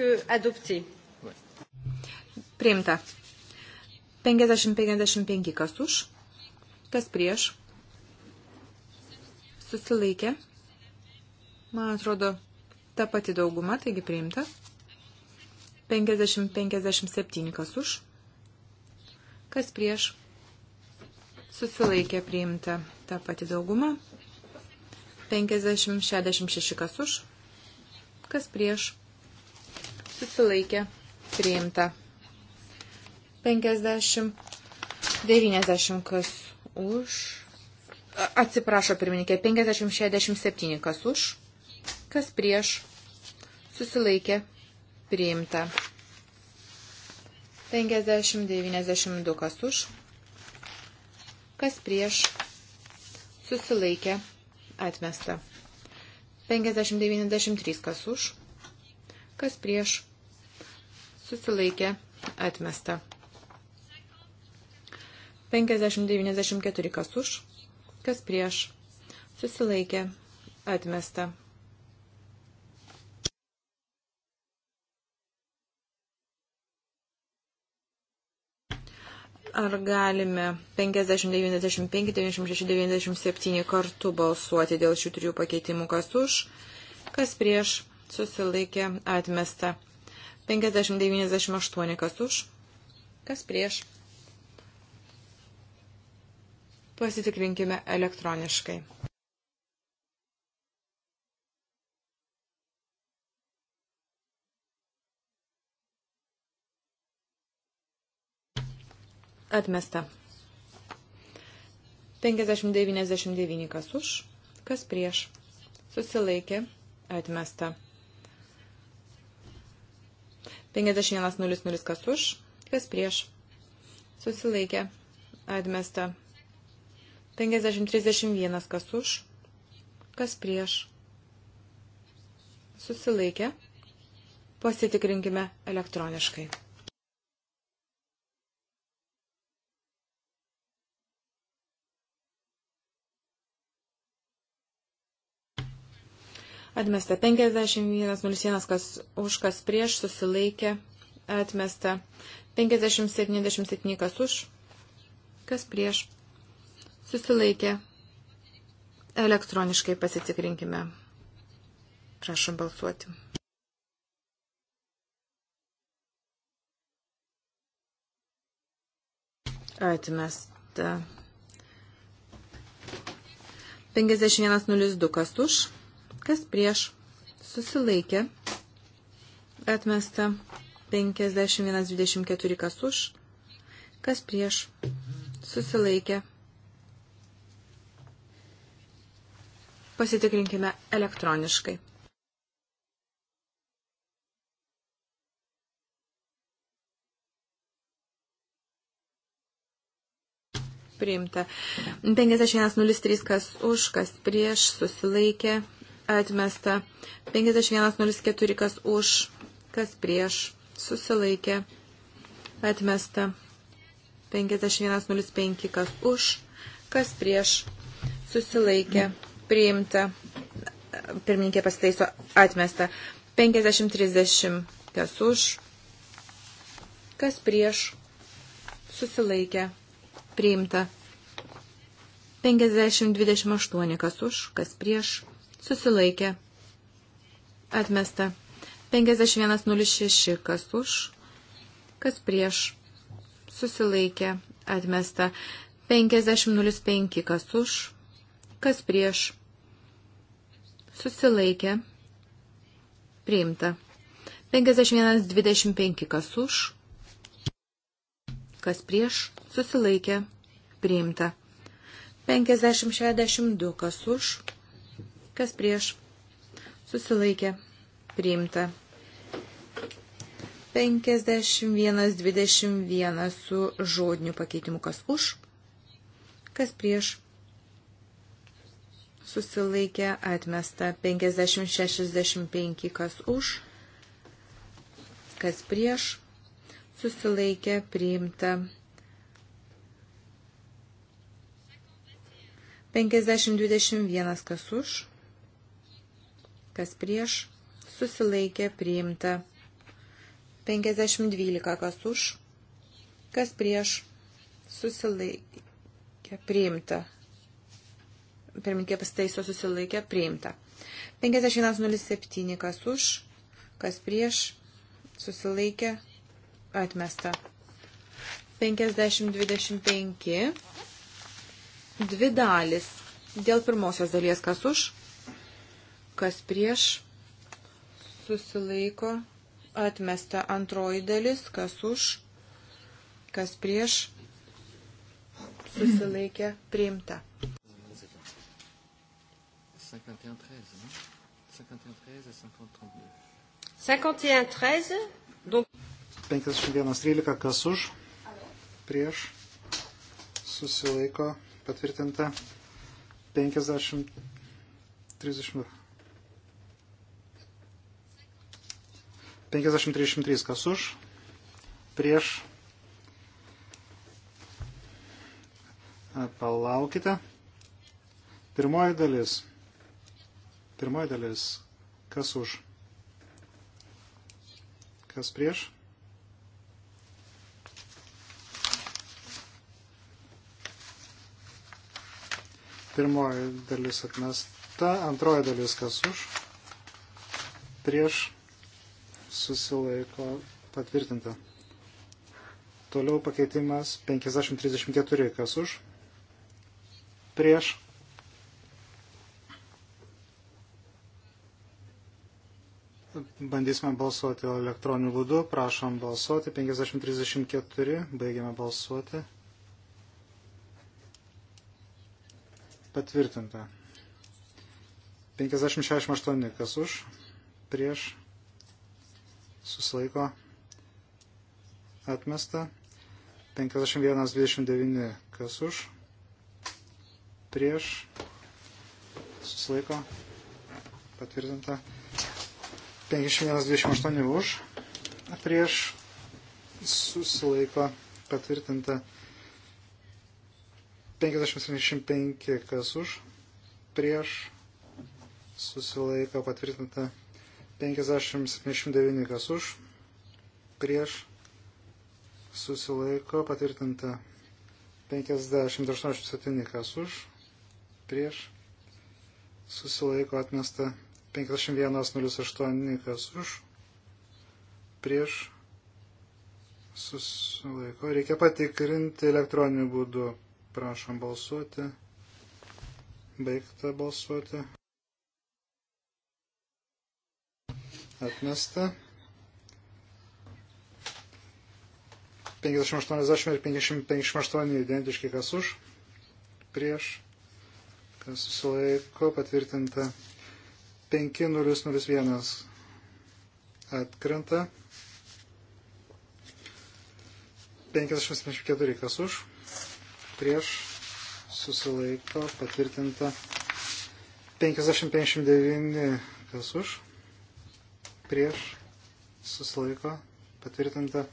que adopté. Priimta. 50-55 kas už, kas prieš. Susilaikė. Man atrodo, ta pati dauguma, taigi priimta. 50-57 kas už, kas prieš. Susilaikė priimta ta pati dauguma. 50-66 kas už, kas prieš susilaikė priimta. 50, 90 kas už. Atsiprašo, pirmininkė, 50-67 kas už, kas prieš, susilaikė, priimta. 50-92 kas už, kas prieš, susilaikė, atmesta. 50-93 kas už, kas prieš, susilaikė, atmesta. 50-94 kas už, kas prieš, susilaikė, atmesta. Ar galime 50, 95, 96, 97 kartu balsuoti dėl šių trijų pakeitimų, kas už, kas prieš, susilaikė, atmesta. 50-98 kas už, kas prieš. Pasitikrinkime elektroniškai. Atmesta. 50-99 kas už, kas prieš. Susilaikė. Atmesta. 51.00 kas už, kas prieš. Susilaikė. Atmesta. 50.31 kas už, kas prieš. Susilaikė. Pasitikrinkime elektroniškai. atmesta 51.01, kas už, kas prieš, susilaikė, atmesta 50.77, kas už, kas prieš, susilaikė. Elektroniškai pasitikrinkime. Prašom balsuoti. Atmesta 51.02, kas už Kas prieš? Susilaikė. Atmesta 51-24 kas už. Kas prieš? Susilaikė. Pasitikrinkime elektroniškai. priimta. 51.03, kas už, kas prieš, susilaikė, atmesta. 5104 kas už, kas prieš, susilaikė, atmesta. 5105 kas už, kas prieš, susilaikė, priimta. Pirmininkė pasitaiso atmesta. 5030 kas už, kas prieš, susilaikė, priimta. 5028 kas už, kas prieš, susilaikė, atmesta. 5106, kas už, kas prieš, susilaikė, atmesta. 5005, kas už, kas prieš, susilaikė, priimta. 5125, kas už, kas prieš, susilaikė, priimta. 5062, kas už, kas prieš, susilaikė, priimta. 51-21 su žodiniu pakeitimu, kas už, kas prieš, susilaikė, atmesta. 50-65, kas už, kas prieš, susilaikė, priimta. 50-21 kas už, kas prieš, susilaikė priimta. 5012, kas už, kas prieš, susilaikė priimta. Pirminkė pastaiso susilaikė priimta. 5107, kas už, kas prieš, susilaikė atmesta. 5025, dvi dalis. Dėl pirmosios dalies, kas už, kas prieš, susilaiko, atmesta antroji dalis, kas už, kas prieš, susilaikė, priimta. 51.13, donc... 51.13, kas už, prieš, susilaiko, patvirtinta, 50.30. 50-33 kas už, prieš. Palaukite. Pirmoji dalis. Pirmoji dalis. Kas už? Kas prieš? Pirmoji dalis atmesta, antroji dalis kas už, prieš susilaiko patvirtinta. Toliau pakeitimas 5034, kas už, prieš, Bandysime balsuoti elektroniniu būdu. Prašom balsuoti. 5034. Baigiame balsuoti. Patvirtinta. 5068. Kas už? Prieš susilaiko atmesta. 51.29 kas už, prieš, susilaiko patvirtinta. 51.28 už, prieš, susilaiko patvirtinta. 50.75 kas už, prieš, susilaiko patvirtinta. 50-79 kas už, prieš, susilaiko, patvirtinta 50-87 kas už, prieš, susilaiko, atmesta 51-08 kas už, prieš, susilaiko. Reikia patikrinti elektroniniu būdu, prašom balsuoti, baigta balsuoti. atmesta. 5080 ir 558 identiški kas už, prieš, kas susilaiko, patvirtinta 5001 atkrenta, 5074 kas už, prieš, susilaiko, patvirtinta 5059 kas už prieš susilaiko patvirtinta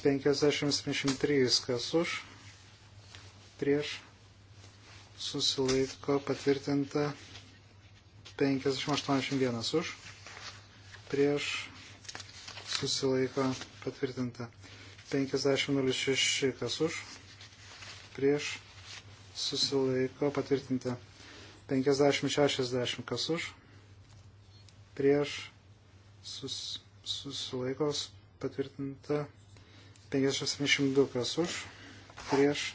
5073, kas už prieš susilaiko patvirtinta 5081 už prieš susilaiko patvirtinta 5006, kas už prieš susilaiko patvirtinta 5060, kas už prieš sus, susilaikos patvirtinta 572 kas už, prieš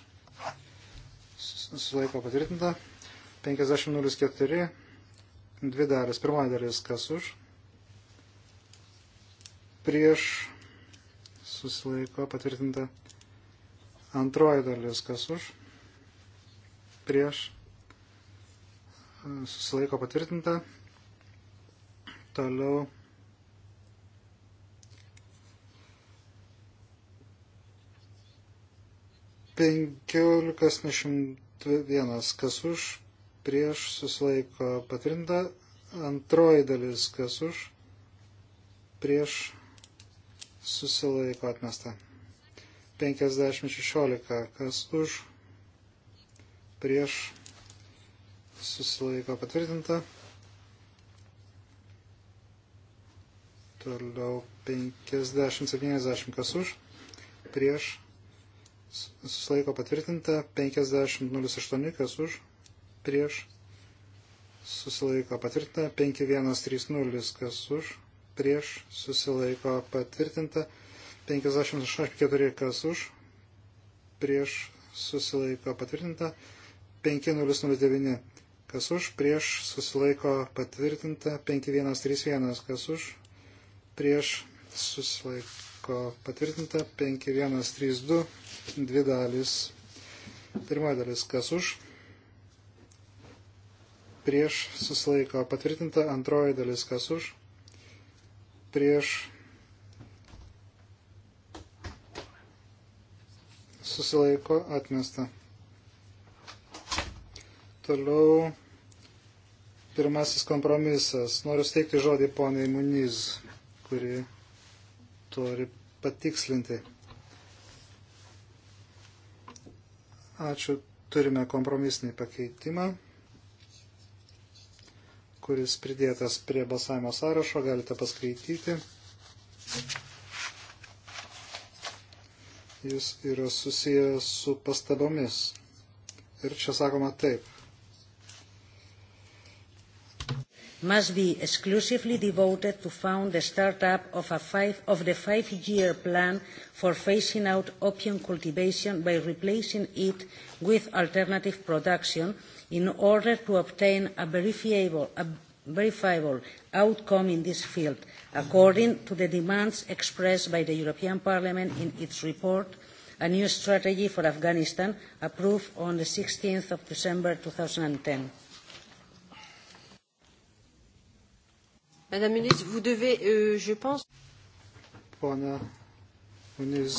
susilaiko patvirtinta 5004, dvi dalis, pirmoji dalis kas už, prieš susilaiko patvirtinta antroji dalis kas už, prieš susilaiko patvirtinta, toliau 15.21. Kas už, prieš susilaiko patrinta. Antroji dalis, kas už, prieš susilaiko atmesta. 50.16. Kas už, prieš susilaiko patvirtinta. Toliau 50-70 kas už, prieš susilaiko patvirtinta, 5008 kas už, prieš, susilaiko patvirtinta, 5130 kas už, prieš, susilaiko patvirtinta, 5084 kas už, prieš, susilaiko patvirtinta, 5009 kas už, prieš, susilaiko patvirtinta, 5131 kas už, prieš, susilaiko patvirtinta, 5132 dvi dalis. Pirmoji dalis, kas už, prieš susilaiko patvirtinta, antroji dalis, kas už, prieš susilaiko atmesta. Toliau pirmasis kompromisas. Noriu steikti žodį poniai Muniz, kuri turi patikslinti. Ačiū. Turime kompromisinį pakeitimą, kuris pridėtas prie balsavimo sąrašo. Galite paskaityti. Jis yra susijęs su pastabomis. Ir čia sakoma taip. must be exclusively devoted to fund the start-up of, a five, of the five-year plan for phasing out opium cultivation by replacing it with alternative production in order to obtain a verifiable, a verifiable outcome in this field, according to the demands expressed by the European Parliament in its report a new strategy for Afghanistan approved on the 16th of December 2010. Madame Muniz, vous devez, euh, je pense. Pone Muniz,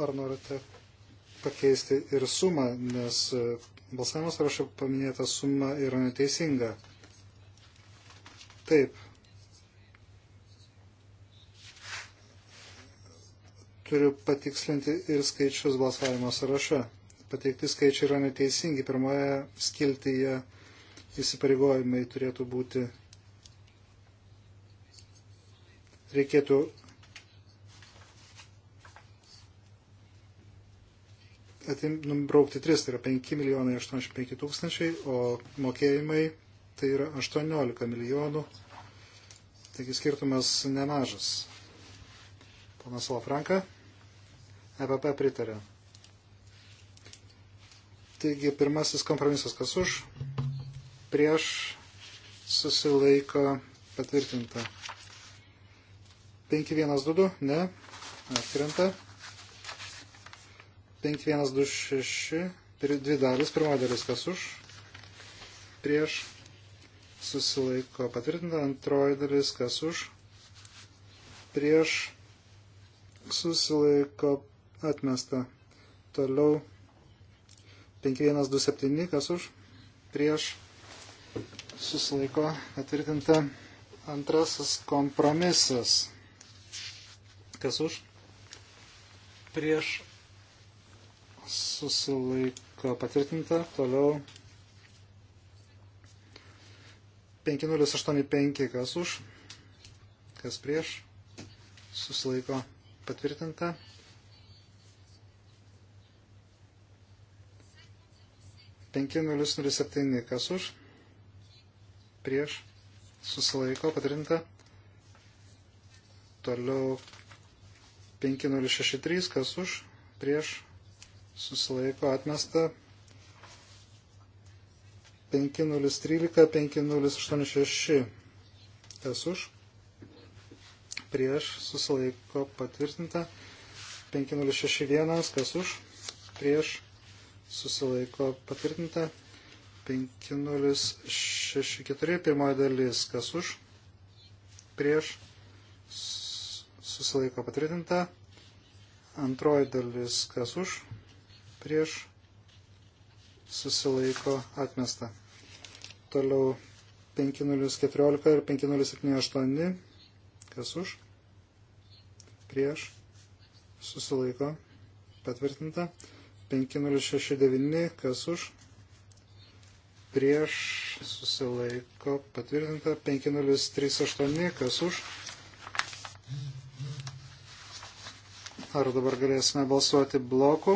ar norite pakeisti ir sumą, nes e, balsavimo sąrašo paminėta suma yra neteisinga. Taip. Turiu patikslinti ir skaičius balsavimo sąraše. Pateikti skaičiai yra neteisingi. Pirmoje skiltyje įsipareigojimai turėtų būti reikėtų atim, nubraukti 3, tai yra 5 milijonai 85 tūkstančiai, o mokėjimai tai yra 18 milijonų, taigi skirtumas nemažas. Ponas Lafranka, EPP pritarė. Taigi pirmasis kompromisas, kas už, prieš susilaiko patvirtinta. 5122, ne, atkrenta. 5126, dvi dalis, pirmoji dalis kas už, prieš, susilaiko patvirtinta, antroji dalis kas už, prieš, susilaiko atmesta. Toliau 5127, kas už, prieš, susilaiko patvirtinta antrasis kompromisas kas už, prieš susilaiko patvirtinta, toliau 5085 kas už, kas prieš, susilaiko patvirtinta. 5007 kas už, prieš, susilaiko patvirtinta. Toliau 5063, kas už, prieš, susilaiko atmesta. 5013, 5086, kas už, prieš, susilaiko patvirtinta. 5061, kas už, prieš, susilaiko patvirtinta. 5064, pirmoji dalis, kas už, prieš, susilaiko patvirtinta. Antroji dalis, kas už, prieš, susilaiko atmesta. Toliau 5014 ir 5078, kas už, prieš, susilaiko patvirtinta. 5069, kas už, prieš, susilaiko patvirtinta. 5038, kas už, prieš Ar dabar galėsime balsuoti bloku?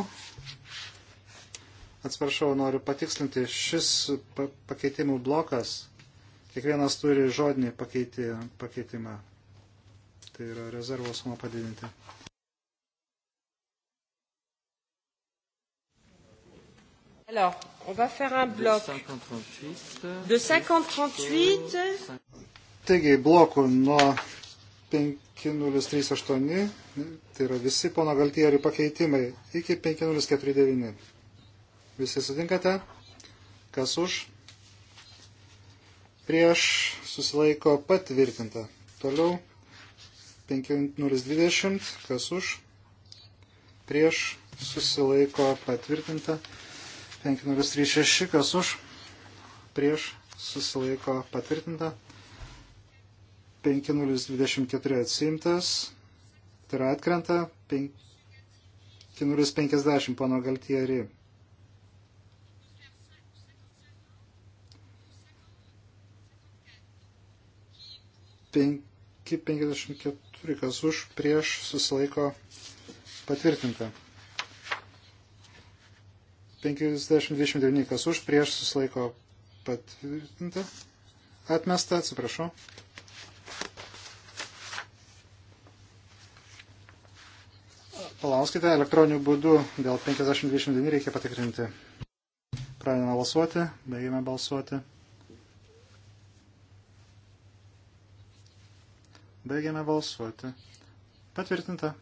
Atsiprašau, noriu patikslinti, šis pakeitimų blokas, kiekvienas turi žodinį pakeiti, pakeitimą. Tai yra rezervo sumą padidinti. Alors, on va faire un bloc de 50-38. Taigi, blokų nuo 5038, tai yra visi pono Galtierių pakeitimai, iki 5049. Visi sutinkate? Kas už? Prieš susilaiko patvirtinta. Toliau 5020, kas už? Prieš susilaiko patvirtinta. 5036, kas už? Prieš susilaiko patvirtinta. 5024 atsimtas, tai yra atkrenta 5050 pono Galtieri. Penki, 54, kas už, prieš, susilaiko patvirtinta. 50-29, kas už, prieš, susilaiko patvirtinta. Atmesta, atsiprašau. Palauskite elektroniniu būdu, dėl 5029 reikia patikrinti. Pradedame balsuoti, baigime balsuoti. Baigėme balsuoti. Patvirtinta.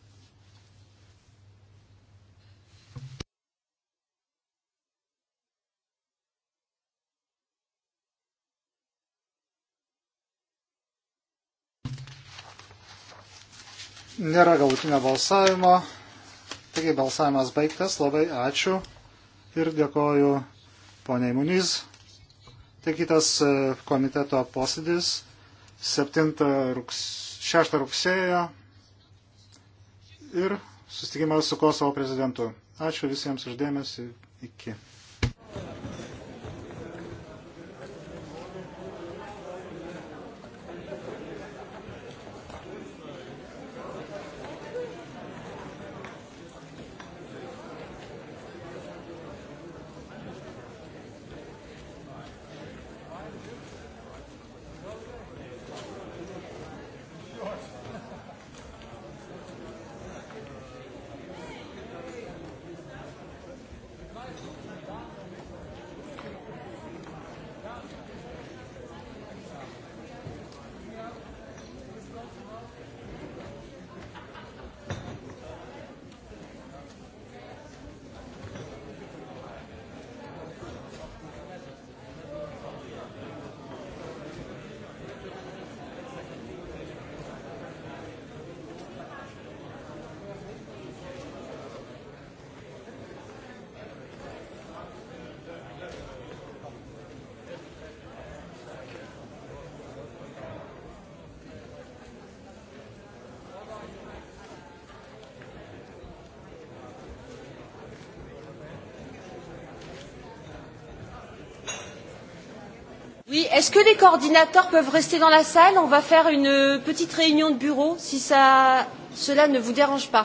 Nėra galutinio balsavimo. Taigi balsavimas baigtas, labai ačiū ir dėkoju poniai Muniz. Tai kitas e, komiteto posėdis 7 rugs, 6 rugsėjo ir susitikimas su Kosovo prezidentu. Ačiū visiems uždėmesi. Iki. Oui, est-ce que les coordinateurs peuvent rester dans la salle On va faire une petite réunion de bureau si ça, cela ne vous dérange pas.